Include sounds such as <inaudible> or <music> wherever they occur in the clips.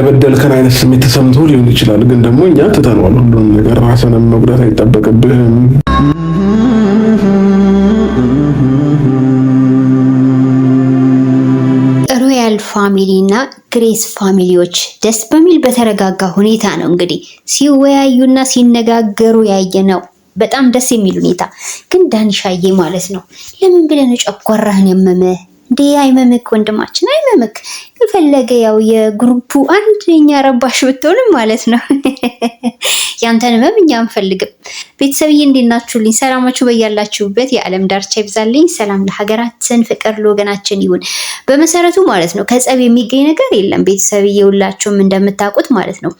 የበደልከን አይነት ስሜት ተሰምቶ ሊሆን ይችላል። ግን ደግሞ እኛ ትተነዋል ሁሉንም ነገር። ራስንም መጉዳት አይጠበቅብህም። ሮያል ፋሚሊ እና ግሬስ ፋሚሊዎች ደስ በሚል በተረጋጋ ሁኔታ ነው እንግዲህ ሲወያዩና ሲነጋገሩ ያየ ነው። በጣም ደስ የሚል ሁኔታ ግን ዳንሻዬ ማለት ነው ለምን ብለን ጨጓራህን ያመመህ እንዴ አይመምክ ወንድማችን አይመምክ። የፈለገ ያው የግሩፑ አንድ የኛ ረባሽ ብትሆንም ማለት ነው። <laughs> ያንተን ህመም እኛ አንፈልግም። ቤተሰብዬ እንዴናችሁልኝ ሰላማችሁ በያላችሁበት የዓለም ዳርቻ ይብዛልኝ። ሰላም ለሀገራችን፣ ፍቅር ለወገናችን ይሁን። በመሰረቱ ማለት ነው ከጸብ የሚገኝ ነገር የለም ቤተሰብዬ፣ ሁላችሁም እንደምታውቁት ማለት ነው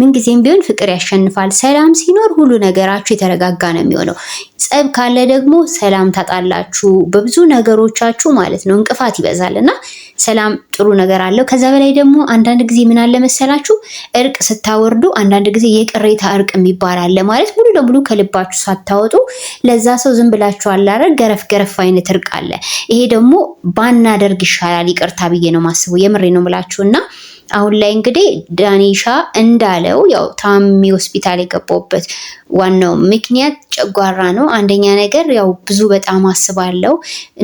ምንጊዜም ቢሆን ፍቅር ያሸንፋል። ሰላም ሲኖር ሁሉ ነገራችሁ የተረጋጋ ነው የሚሆነው። ጸብ ካለ ደግሞ ሰላም ታጣላችሁ፣ በብዙ ነገሮቻችሁ ማለት ነው። እንቅፋት ይበዛል እና ሰላም ጥሩ ነገር አለው። ከዛ በላይ ደግሞ አንዳንድ ጊዜ ምን አለ መሰላችሁ እርቅ ስታወርዱ አንዳንድ ጊዜ የቅሬታ እርቅ የሚባል አለ። ማለት ሙሉ ለሙሉ ከልባችሁ ሳታወጡ ለዛ ሰው ዝም ብላችሁ አላረግ ገረፍ ገረፍ አይነት እርቅ አለ። ይሄ ደግሞ ባናደርግ ይሻላል። ይቅርታ ብዬ ነው ማስበው። የምሬ ነው ምላችሁ እና አሁን ላይ እንግዲህ ዳኒሻ እንዳለው ያው ታሚ ሆስፒታል የገባውበት ዋናው ምክንያት ጨጓራ ነው። አንደኛ ነገር ያው ብዙ በጣም አስባለው።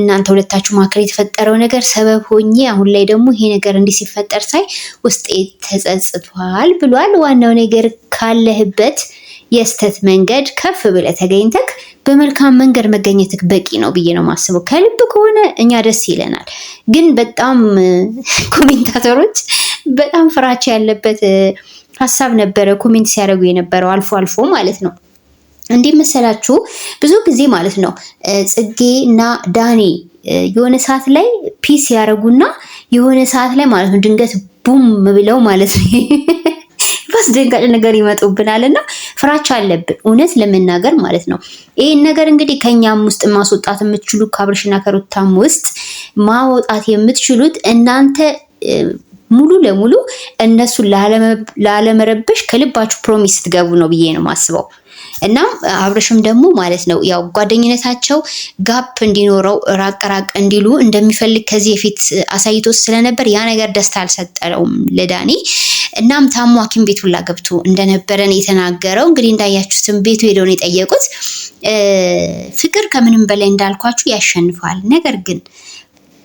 እናንተ ሁለታችሁ መካከል የተፈጠረው ነገር ሰበብ ሆኜ አሁን ላይ ደግሞ ይሄ ነገር እንዲህ ሲፈጠር ሳይ ውስጤ ተጸጽቷል ብሏል። ዋናው ነገር ካለህበት የስተት መንገድ ከፍ ብለህ ተገኝተህ በመልካም መንገድ መገኘትህ በቂ ነው ብዬ ነው የማስበው። ከልብ ከሆነ እኛ ደስ ይለናል። ግን በጣም ኮሜንታተሮች በጣም ፍራቻ ያለበት ሀሳብ ነበረ ኮሜንት ሲያደርጉ የነበረው አልፎ አልፎ ማለት ነው። እንዲህ መሰላችሁ? ብዙ ጊዜ ማለት ነው ጽጌ እና ዳኒ የሆነ ሰዓት ላይ ፒስ ያደረጉና የሆነ ሰዓት ላይ ማለት ነው ድንገት ቡም ብለው ማለት ነው <laughs> አስደንጋጭ ነገር ይመጡብናል እና ፍራቻ አለብን እውነት ለመናገር ማለት ነው። ይህን ነገር እንግዲህ ከኛም ውስጥ ማስወጣት የምትችሉ ከአብርሽና ከሩታም ውስጥ ማወጣት የምትችሉት እናንተ ሙሉ ለሙሉ እነሱን ላለመረበሽ ከልባችሁ ፕሮሚስ ስትገቡ ነው ብዬ ነው ማስበው። እና አብረሽም ደግሞ ማለት ነው ያው ጓደኝነታቸው ጋፕ እንዲኖረው ራቅ ራቅ እንዲሉ እንደሚፈልግ ከዚህ የፊት አሳይቶ ስለነበር ያ ነገር ደስታ አልሰጠለውም ለዳኒ። እናም ታሞ ሐኪም ቤት ሁላ ገብቶ እንደነበረን የተናገረው እንግዲህ እንዳያችሁትም ቤቱ ሄደውን የጠየቁት ፍቅር ከምንም በላይ እንዳልኳችሁ ያሸንፋል ነገር ግን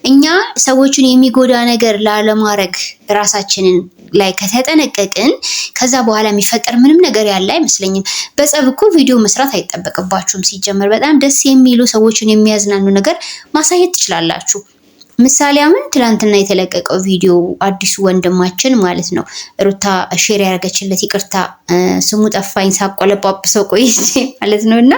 እኛ ሰዎችን የሚጎዳ ነገር ላለማድረግ ራሳችንን ላይ ከተጠነቀቅን ከዛ በኋላ የሚፈጠር ምንም ነገር ያለ አይመስለኝም። በጸብ እኮ ቪዲዮ መስራት አይጠበቅባችሁም። ሲጀመር በጣም ደስ የሚሉ ሰዎችን የሚያዝናኑ ነገር ማሳየት ትችላላችሁ። ምሳሌ አሁን ትላንትና የተለቀቀው ቪዲዮ አዲሱ ወንድማችን ማለት ነው ሩታ ሼር ያደረገችለት ይቅርታ ስሙ ጠፋኝ ሳቆለጳጵሰው ቆይቼ ማለት ነው እና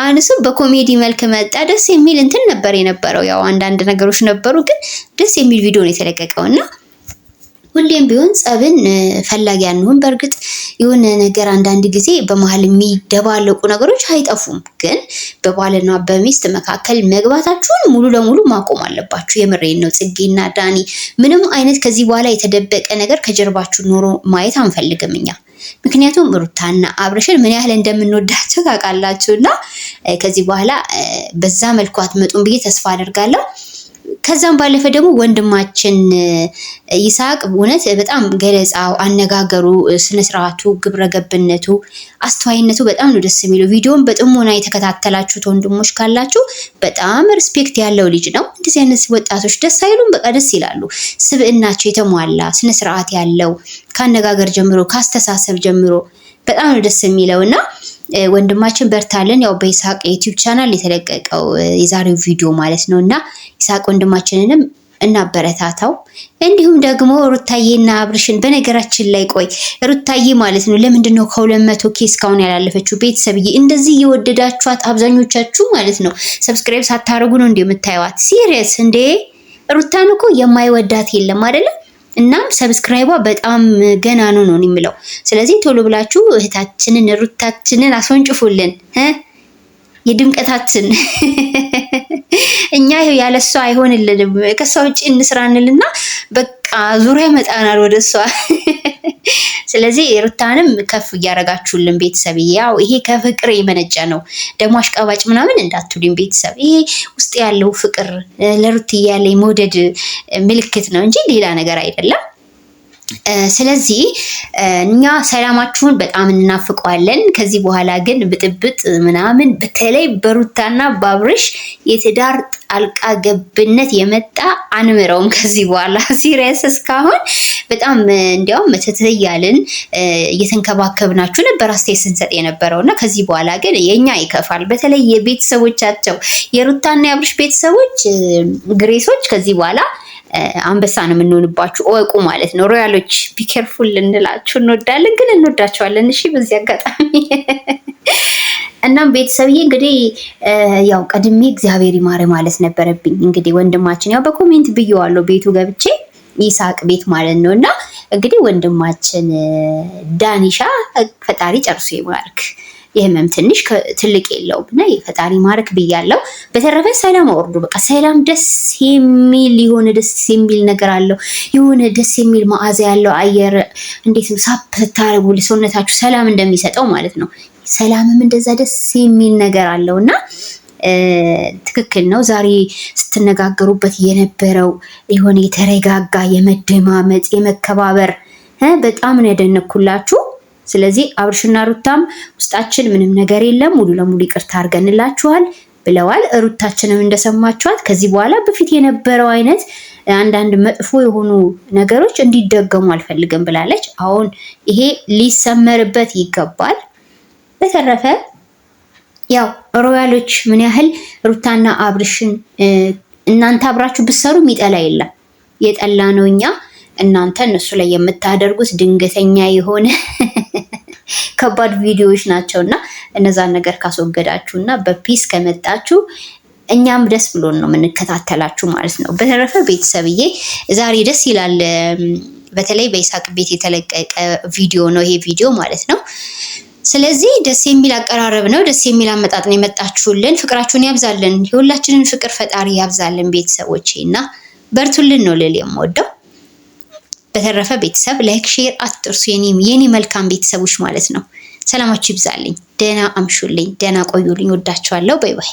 አሁን እሱ በኮሜዲ መልክ መጣ ደስ የሚል እንትን ነበር የነበረው ያው አንዳንድ ነገሮች ነበሩ ግን ደስ የሚል ቪዲዮ ነው የተለቀቀው እና ሁሌም ቢሆን ጸብን ፈላጊ አንሆን በእርግጥ የሆነ ነገር አንዳንድ ጊዜ በመሀል የሚደባለቁ ነገሮች አይጠፉም። ግን በባልና በሚስት መካከል መግባታችሁን ሙሉ ለሙሉ ማቆም አለባችሁ። የምሬን ነው ጽጌና ዳኒ፣ ምንም አይነት ከዚህ በኋላ የተደበቀ ነገር ከጀርባችሁ ኖሮ ማየት አንፈልግም እኛ ምክንያቱም ሩታና አብረሽን ምን ያህል እንደምንወዳቸው ታውቃላችሁ እና ከዚህ በኋላ በዛ መልኩ አትመጡም ብዬ ተስፋ አደርጋለሁ። ከዛም ባለፈ ደግሞ ወንድማችን ይስሐቅ እውነት በጣም ገለጻው፣ አነጋገሩ፣ ስነስርዓቱ፣ ግብረገብነቱ፣ አስተዋይነቱ በጣም ነው ደስ የሚለው። ቪዲዮን በጥሞና የተከታተላችሁት ወንድሞች ካላችሁ በጣም ሪስፔክት ያለው ልጅ ነው። እንደዚህ አይነት ወጣቶች ደስ አይሉም? በቃ ደስ ይላሉ። ስብዕናቸው የተሟላ ስነስርዓት ያለው ከአነጋገር ጀምሮ ከአስተሳሰብ ጀምሮ በጣም ነው ደስ የሚለው እና ወንድማችን በርታለን ያው በይስሐቅ የዩቲዩብ ቻናል የተለቀቀው የዛሬው ቪዲዮ ማለት ነው እና ይስሐቅ ወንድማችንንም እናበረታታው እንዲሁም ደግሞ ሩታዬና አብርሽን በነገራችን ላይ ቆይ ሩታዬ ማለት ነው ለምንድን ነው ከሁለት መቶ ኬ እስካሁን ያላለፈችው? ቤተሰብዬ እንደዚህ እየወደዳችኋት አብዛኞቻችሁ ማለት ነው ሰብስክራይብ ሳታደርጉ ነው እንደ የምታየዋት። ሲሪየስ እንዴ ሩታን እኮ የማይወዳት የለም አይደለም። እናም ሰብስክራይቧ በጣም ገና ነው ነው የሚለው። ስለዚህ ቶሎ ብላችሁ እህታችንን ሩታችንን አስወንጭፉልን የድምቀታችን <laughs> እኛ ይሄው ያለ እሷ አይሆንልንም። ከሷ ውጭ እንስራ በቃ ዙሪያ መጣናል ወደ እሷ <laughs> ስለዚህ ሩታንም ከፍ እያደረጋችሁልን ቤተሰብ፣ ያው ይሄ ከፍቅር የመነጨ ነው። ደግሞ አሽቃባጭ ምናምን እንዳትሉኝ ቤተሰብ። ይሄ ውስጥ ያለው ፍቅር ለሩት ያለ መውደድ ምልክት ነው እንጂ ሌላ ነገር አይደለም። ስለዚህ እኛ ሰላማችሁን በጣም እናፍቀዋለን። ከዚህ በኋላ ግን ብጥብጥ ምናምን በተለይ በሩታና ባብርሽ የትዳር ጣልቃ ገብነት የመጣ አንምረውም። ከዚህ በኋላ <laughs> ሲሪየስ እስካሁን በጣም እንዲያውም መተት እያልን እየተንከባከብናችሁ ነበር አስተያየት ስንሰጥ የነበረው እና ከዚህ በኋላ ግን የእኛ ይከፋል። በተለይ የቤተሰቦቻቸው የሩታና የአብርሽ ቤተሰቦች ግሬሶች ከዚህ በኋላ አንበሳ ነው የምንሆንባችሁ፣ እወቁ ማለት ነው። ሮያሎች ቢኬርፉል እንላችሁ እንወዳለን፣ ግን እንወዳቸዋለን። እሺ በዚህ አጋጣሚ <laughs> እናም ቤተሰብዬ እንግዲህ ያው ቀድሜ እግዚአብሔር ይማረ ማለት ነበረብኝ። እንግዲህ ወንድማችን ያው በኮሜንት ብየዋለሁ ቤቱ ገብቼ ይሳቅ ቤት ማለት ነው። እና እንግዲህ ወንድማችን ዳኒሻ ፈጣሪ ጨርሶ ይባርክ። የህመም ትንሽ ትልቅ የለውም እና የፈጣሪ ማረክ ብያለው። በተረፈ ሰላም አወርዱ። በቃ ሰላም ደስ የሚል የሆነ ደስ የሚል ነገር አለው። የሆነ ደስ የሚል መዓዛ ያለው አየር ነው ሳብ ስታረጉ ለሰውነታችሁ ሰላም እንደሚሰጠው ማለት ነው። ሰላምም እንደዛ ደስ የሚል ነገር አለው እና ትክክል ነው። ዛሬ ስትነጋገሩበት የነበረው የሆነ የተረጋጋ የመደማመጥ የመከባበር በጣም ነው ያደነኩላችሁ። ስለዚህ አብርሽና ሩታም ውስጣችን ምንም ነገር የለም ሙሉ ለሙሉ ይቅርታ አድርገንላችኋል ብለዋል። ሩታችንም እንደሰማችኋት ከዚህ በኋላ በፊት የነበረው አይነት አንዳንድ መጥፎ የሆኑ ነገሮች እንዲደገሙ አልፈልግም ብላለች። አሁን ይሄ ሊሰመርበት ይገባል። በተረፈ ያው ሮያሎች ምን ያህል ሩታና አብርሽን እናንተ አብራችሁ ብትሰሩ የሚጠላ የለም። የጠላ ነው እኛ እናንተ እነሱ ላይ የምታደርጉት ድንገተኛ የሆነ <laughs> ከባድ ቪዲዮዎች ናቸው እና እነዛን ነገር ካስወገዳችሁ እና በፒስ ከመጣችሁ እኛም ደስ ብሎን ነው የምንከታተላችሁ ማለት ነው። በተረፈ ቤተሰብዬ ዛሬ ደስ ይላል። በተለይ በይሳቅ ቤት የተለቀቀ ቪዲዮ ነው ይሄ ቪዲዮ ማለት ነው። ስለዚህ ደስ የሚል አቀራረብ ነው፣ ደስ የሚል አመጣጥ ነው የመጣችሁልን። ፍቅራችሁን ያብዛልን፣ የሁላችንን ፍቅር ፈጣሪ ያብዛልን ቤተሰቦቼ እና በርቱልን ነው ልል የምወደው። በተረፈ ቤተሰብ ላይክ፣ ሼር አትርሱ። የኔ መልካም ቤተሰቦች ማለት ነው። ሰላማችሁ ይብዛልኝ። ደህና አምሹልኝ፣ ደህና ቆዩልኝ። ወዳችኋለሁ። ባይ ባይ